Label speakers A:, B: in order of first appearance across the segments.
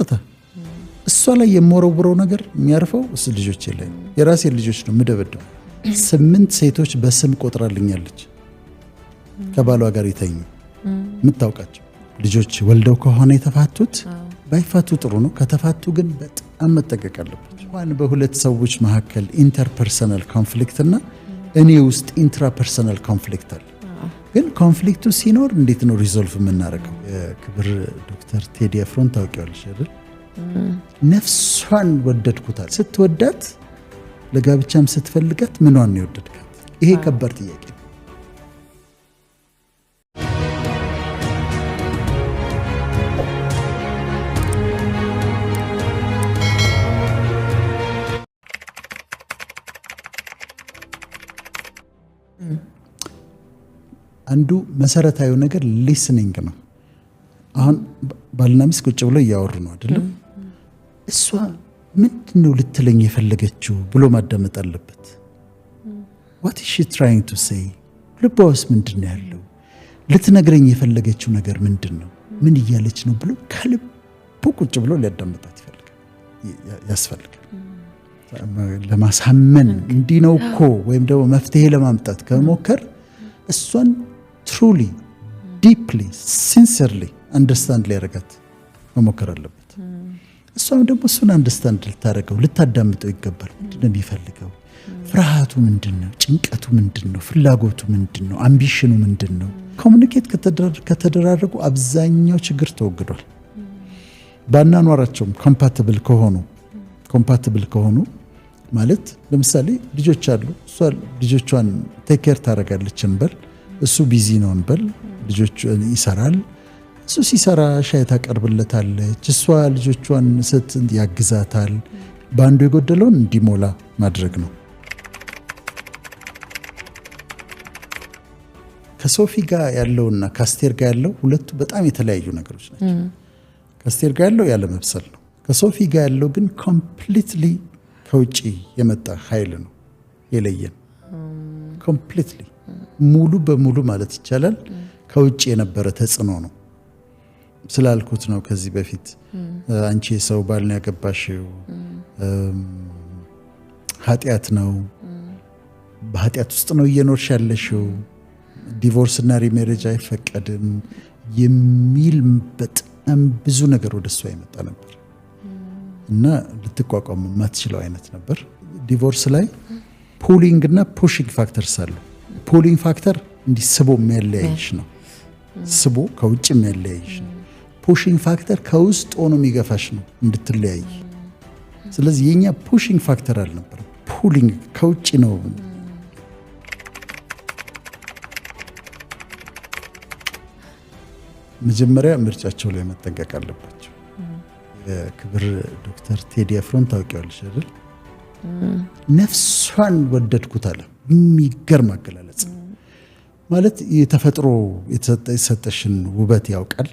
A: ቀጥታ እሷ ላይ የምወረውረው ነገር የሚያርፈው እስ ልጆች የለኝ የራሴ ልጆች ነው የምደበደው። ስምንት ሴቶች በስም ቆጥራልኛለች። ከባሏ ጋር የተኙ የምታውቃቸው ልጆች ወልደው ከሆነ የተፋቱት ባይፋቱ ጥሩ ነው። ከተፋቱ ግን በጣም መጠቀቅ አለበት። እንኳን በሁለት ሰዎች መካከል ኢንተርፐርሰናል ኮንፍሊክት እና እኔ ውስጥ ኢንትራፐርሰናል ኮንፍሊክት አለ። ግን ኮንፍሊክቱ ሲኖር እንዴት ነው ሪዞልቭ የምናደርገው? የክብር ዶክተር ቴዲ አፍሮን ታውቂዋለሽ አይደል? ነፍሷን ወደድኩታል። ስትወዳት ለጋብቻም ስትፈልጋት ምኗን ነው የወደድካት? ይሄ ከባድ ጥያቄ አንዱ መሰረታዊ ነገር ሊስኒንግ ነው። አሁን ባልና ሚስት ቁጭ ብሎ እያወሩ ነው አይደለም? እሷ ምንድን ነው ልትለኝ የፈለገችው ብሎ ማዳመጥ አለበት። ዋት ሺ ትራይንግ ቱ ሴይ፣ ልቧ ውስጥ ምንድን ነው ያለው? ልትነግረኝ የፈለገችው ነገር ምንድን ነው? ምን እያለች ነው ብሎ ከልቡ ቁጭ ብሎ ሊያዳምጣት ያስፈልጋል። ለማሳመን እንዲህ ነው እኮ ወይም ደግሞ መፍትሄ ለማምጣት ከሞከር እሷን ትሩሊ ዲፕሊ ሲንሰርሊ አንደርስታንድ ሊያረጋት መሞከር አለበት። እሷም ደግሞ እሱን አንደርስታንድ ልታደረገው ልታዳምጠው ይገባል። ምንድነው የሚፈልገው? ፍርሃቱ ምንድን ነው? ጭንቀቱ ምንድን ነው? ፍላጎቱ ምንድን ነው? አምቢሽኑ ምንድን ነው? ኮሚኒኬት ከተደራረጉ አብዛኛው ችግር ተወግዷል። ባናኗራቸውም ኮምፓትብል ከሆኑ ኮምፓትብል ከሆኑ ማለት ለምሳሌ ልጆች አሉ። እሷ ልጆቿን ቴክ ኬር ታደርጋለች እንበል እሱ ቢዚ ነው እንበል፣ ልጆቹ ይሰራል። እሱ ሲሰራ ሻይ ታቀርብለታለች፣ እሷ ልጆቿን ስት ያግዛታል። በአንዱ የጎደለውን እንዲሞላ ማድረግ ነው። ከሶፊ ጋር ያለውና ከአስቴር ጋር ያለው ሁለቱ በጣም የተለያዩ ነገሮች ናቸው። ከአስቴር ጋር ያለው ያለመብሰል ነው። ከሶፊ ጋር ያለው ግን ኮምፕሊትሊ ከውጭ የመጣ ኃይል ነው የለየን ኮምፕሊትሊ ሙሉ በሙሉ ማለት ይቻላል ከውጭ የነበረ ተጽዕኖ ነው ስላልኩት ነው። ከዚህ በፊት አንቺ የሰው ባል ነው ያገባሽው፣ ኃጢአት ነው በኃጢአት ውስጥ ነው እየኖርሽ ያለሽው፣ ዲቮርስና ሪሜሬጅ አይፈቀድም የሚል በጣም ብዙ ነገር ወደ እሷ ይመጣ ነበር እና ልትቋቋሙ የማትችለው አይነት ነበር። ዲቮርስ ላይ ፑሊንግ እና ፑሽንግ ፋክተርስ አሉ። ፑሊንግ ፋክተር እንዲህ ስቦ የሚያለያይሽ ነው። ስቦ ከውጭ የሚያለያይሽ ነው። ፑሽንግ ፋክተር ከውስጥ ሆኖ የሚገፋሽ ነው እንድትለያይ። ስለዚህ የኛ ፑሽንግ ፋክተር አልነበረም። ፑሊንግ ከውጭ ነው። መጀመሪያ ምርጫቸው ላይ መጠንቀቅ አለባቸው። የክብር ዶክተር ቴዲ አፍሮን ታውቂዋለሽ አይደል? ነፍሷን ወደድኩት የሚገርም አገላለጽ ማለት የተፈጥሮ የተሰጠሽን ውበት ያውቃል፣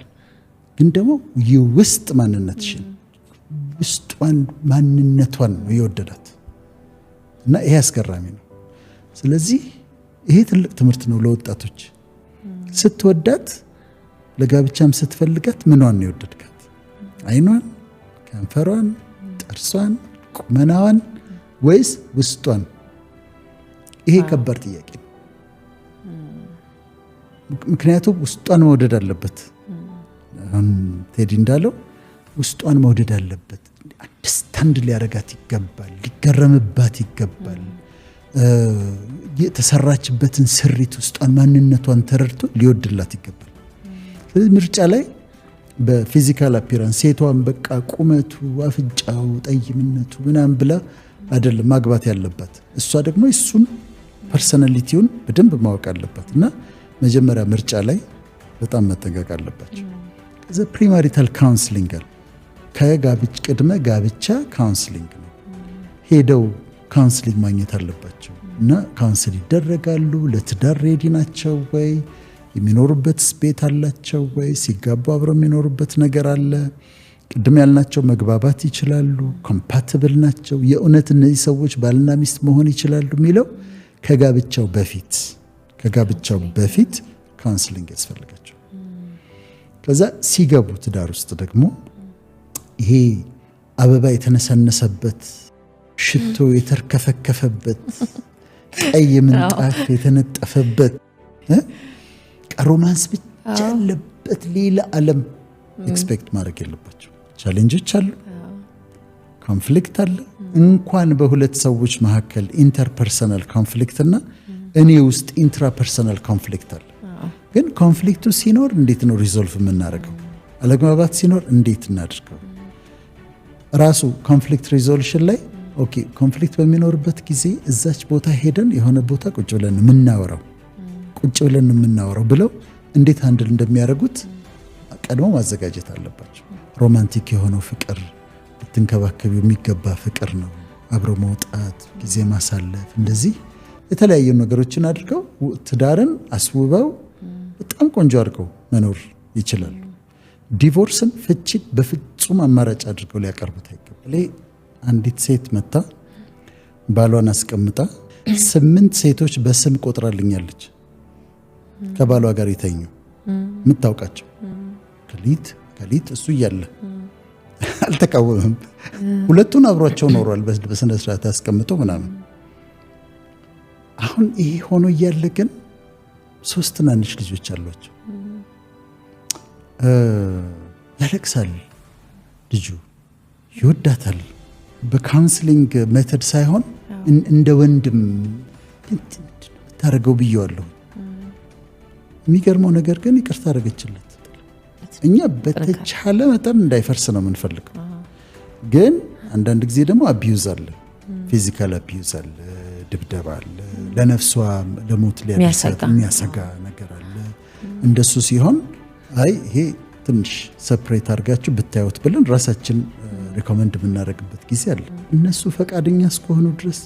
A: ግን ደግሞ የውስጥ ማንነትሽን ውስጧን ማንነቷን ነው የወደዳት እና ይሄ አስገራሚ ነው። ስለዚህ ይሄ ትልቅ ትምህርት ነው ለወጣቶች። ስትወዳት ለጋብቻም ስትፈልጋት ምኗን ነው የወደድካት? አይኗን፣ ከንፈሯን፣ ጥርሷን፣ ቁመናዋን ወይስ ውስጧን? ይሄ ከባድ ጥያቄ ነው። ምክንያቱም ውስጧን መውደድ አለበት። አሁን ቴዲ እንዳለው ውስጧን መውደድ አለበት። አንደርስታንድ ሊያደርጋት ይገባል፣ ሊገረምባት ይገባል። የተሰራችበትን ስሪት ውስጧን ማንነቷን ተረድቶ ሊወድላት ይገባል። ስለዚህ ምርጫ ላይ በፊዚካል አፒራንስ ሴቷን በቃ ቁመቱ፣ አፍንጫው፣ ጠይምነቱ ምናምን ብላ አይደለም ማግባት ያለባት እሷ ደግሞ እሱን ፐርሰናሊቲውን በደንብ ማወቅ አለበት እና መጀመሪያ ምርጫ ላይ በጣም መጠንቀቅ አለባቸው። ከዚ ፕሪማሪታል ካውንስሊንግ አለ። ከጋብቻ ቅድመ ጋብቻ ካውንስሊንግ ነው። ሄደው ካውንስሊንግ ማግኘት አለባቸው እና ካውንስል ይደረጋሉ። ለትዳር ሬዲ ናቸው ወይ? የሚኖሩበት ቤት አላቸው ወይ? ሲጋቡ አብረው የሚኖሩበት ነገር አለ ቅድም ያልናቸው መግባባት ይችላሉ፣ ኮምፓትብል ናቸው፣ የእውነት እነዚህ ሰዎች ባልና ሚስት መሆን ይችላሉ የሚለው ከጋብቻው በፊት ከጋብቻው በፊት ካውንስሊንግ ያስፈልጋቸው። ከዛ ሲገቡ ትዳር ውስጥ ደግሞ ይሄ አበባ የተነሰነሰበት ሽቶ የተርከፈከፈበት ቀይ ምንጣፍ የተነጠፈበት ሮማንስ ብቻ ያለበት ሌላ ዓለም ኤክስፔክት ማድረግ የለባቸው። ቻሌንጆች አሉ። ኮንፍሊክት አለ። እንኳን በሁለት ሰዎች መካከል ኢንተርፐርሰናል ኮንፍሊክት እና እኔ ውስጥ ኢንትራፐርሰናል ኮንፍሊክት አለ። ግን ኮንፍሊክቱ ሲኖር እንዴት ነው ሪዞልቭ የምናደርገው? አለግባባት ሲኖር እንዴት እናደርገው ራሱ ኮንፍሊክት ሪዞሉሽን ላይ ኦኬ፣ ኮንፍሊክት በሚኖርበት ጊዜ እዛች ቦታ ሄደን የሆነ ቦታ ቁጭ ብለን የምናወራው ቁጭ ብለን የምናወራው ብለው እንዴት አንድል እንደሚያደርጉት ቀድሞ ማዘጋጀት አለባቸው። ሮማንቲክ የሆነው ፍቅር ልትንከባከቢው የሚገባ ፍቅር ነው። አብሮ መውጣት፣ ጊዜ ማሳለፍ፣ እንደዚህ የተለያዩ ነገሮችን አድርገው ትዳርን አስውበው በጣም ቆንጆ አድርገው መኖር ይችላሉ። ዲቮርስን ፍቺ በፍጹም አማራጭ አድርገው ሊያቀርቡት አይገባል። አንዲት ሴት መታ ባሏን አስቀምጣ ስምንት ሴቶች በስም ቆጥራልኛለች ከባሏ ጋር የተኙ የምታውቃቸው ከሊት ከሊት እሱ እያለ አልተቃወምም። ሁለቱን አብሯቸው ኖሯል። በስነ ስርዓት አስቀምጦ ምናምን። አሁን ይሄ ሆኖ እያለ ግን ሶስት ትናንሽ ልጆች አሏቸው። ያለቅሳል ልጁ፣ ይወዳታል። በካውንስሊንግ ሜተድ ሳይሆን እንደ ወንድም ምታደርገው ብየዋለሁ። የሚገርመው ነገር ግን ይቅርታ አደረገችለት። ማለት ነው። እኛ በተቻለ መጠን እንዳይፈርስ ነው የምንፈልገው። ግን አንዳንድ ጊዜ ደግሞ አቢዩዝ አለ፣ ፊዚካል አቢዩዝ አለ፣ ድብደባ አለ፣ ለነፍሷ ለሞት ሊያደርሳት የሚያሰጋ ነገር አለ። እንደሱ ሲሆን አይ ይሄ ትንሽ ሰፕሬት አድርጋችሁ ብታዩት ብለን ራሳችን ሪኮመንድ የምናደርግበት ጊዜ አለ። እነሱ ፈቃደኛ እስከሆኑ ድረስ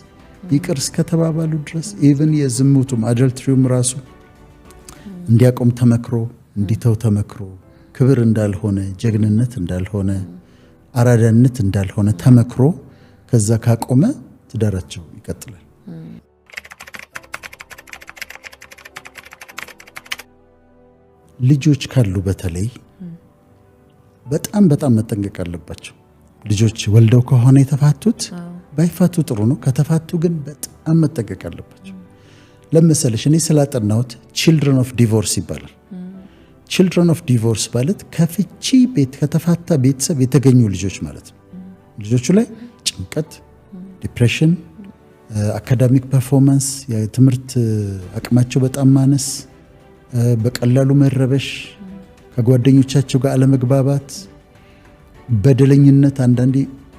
A: ይቅር እስከተባባሉ ድረስ ኢቨን የዝሙቱም አደልትሪውም ራሱ እንዲያቆም ተመክሮ እንዲተው ተመክሮ ክብር እንዳልሆነ፣ ጀግንነት እንዳልሆነ፣ አራዳነት እንዳልሆነ ተመክሮ ከዛ ካቆመ ትዳራቸው ይቀጥላል። ልጆች ካሉ በተለይ በጣም በጣም መጠንቀቅ አለባቸው። ልጆች ወልደው ከሆነ የተፋቱት ባይፋቱ ጥሩ ነው። ከተፋቱ ግን በጣም መጠንቀቅ አለባቸው። ለምሳሌ እኔ ስላጠናሁት ቺልድረን ኦፍ ዲቮርስ ይባላል ችልድረን ኦፍ ዲቮርስ ማለት ከፍቺ ቤት ከተፋታ ቤተሰብ የተገኙ ልጆች ማለት ነው። ልጆቹ ላይ ጭንቀት፣ ዲፕሬሽን፣ አካዳሚክ ፐርፎርማንስ፣ የትምህርት አቅማቸው በጣም ማነስ፣ በቀላሉ መረበሽ፣ ከጓደኞቻቸው ጋር አለመግባባት፣ በደለኝነት አንዳንዴ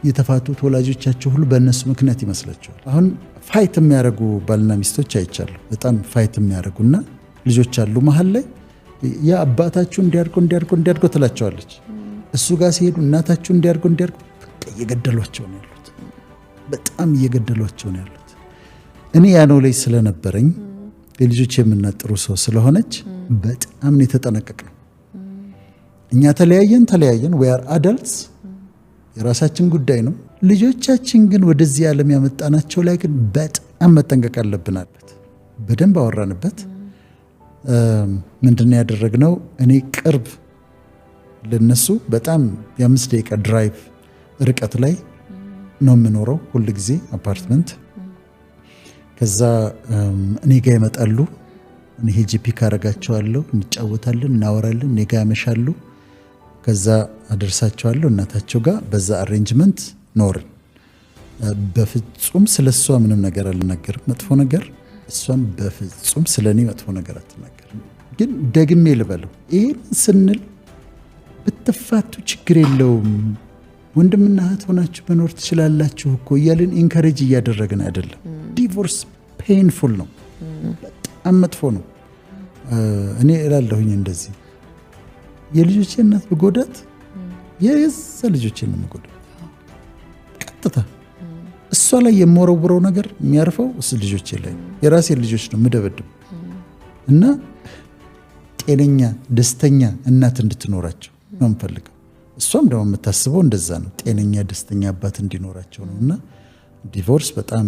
A: የተፋቱት ወላጆቻቸው ሁሉ በእነሱ ምክንያት ይመስላቸዋል። አሁን ፋይት የሚያደርጉ ባልና ሚስቶች አይቻሉ። በጣም ፋይት የሚያደርጉና ልጆች አሉ መሀል ላይ የአባታችሁ እንዲያድርገው እንዲያድርገው እንዲያድርገው ትላቸዋለች። እሱ ጋር ሲሄዱ እናታችሁ እንዲያድርገው እንዲያድርገው እየገደሏቸው ነው ያሉት። በጣም እየገደሏቸው ነው ያሉት። እኔ ያነው ላይ ስለነበረኝ የልጆች የምናጥሩ ሰው ስለሆነች በጣም ነው ነው። እኛ ተለያየን ተለያየን፣ ዌ አር አዳልትስ የራሳችን ጉዳይ ነው። ልጆቻችን ግን ወደዚህ ዓለም ያመጣናቸው ላይ ግን በጣም መጠንቀቅ አለብን አለት በደንብ አወራንበት። ምንድን ነው እኔ ቅርብ ለነሱ በጣም የአምስት ደቂቃ ድራይቭ ርቀት ላይ ነው የምኖረው ሁል ጊዜ አፓርትመንት። ከዛ እኔ ጋ ይመጣሉ። እኔ ሄጄ ፒክ አረጋቸዋለሁ። እንጫወታለን፣ እናወራለን። እኔ ጋ ያመሻሉ። ከዛ አደርሳቸዋለሁ እናታቸው ጋር። በዛ አሬንጅመንት ኖርን። በፍጹም ስለሷ ምንም ነገር አልናገርም መጥፎ ነገር እሷም በፍጹም ስለ እኔ መጥፎ ነገር አትናገርም። ግን ደግሜ ልበለው ይህን ስንል ብትፋቱ ችግር የለውም ወንድምና እህት ሆናችሁ መኖር ትችላላችሁ እኮ እያልን ኢንካሬጅ እያደረግን አይደለም። ዲቮርስ ፔንፉል ነው፣ በጣም መጥፎ ነው። እኔ እላለሁኝ እንደዚህ የልጆቼ እናት ብጎዳት የዛ ልጆቼ ነው የምጎዳው ቀጥታ እሷ ላይ የምወረውረው ነገር የሚያርፈው እስ ልጆቼ ላይ የራሴ ልጆች ነው የምደበድብ እና ጤነኛ ደስተኛ እናት እንድትኖራቸው ነው የምፈልገው። እሷም ደግሞ የምታስበው እንደዛ ነው፣ ጤነኛ ደስተኛ አባት እንዲኖራቸው ነው። እና ዲቮርስ በጣም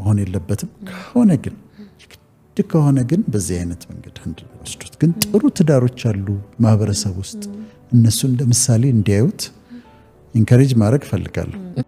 A: መሆን የለበትም። ከሆነ ግን ግድ ከሆነ ግን በዚህ አይነት መንገድ አንድ ወስዱት። ግን ጥሩ ትዳሮች አሉ ማህበረሰብ ውስጥ እነሱን ለምሳሌ እንዲያዩት ኢንከሬጅ ማድረግ እፈልጋለሁ።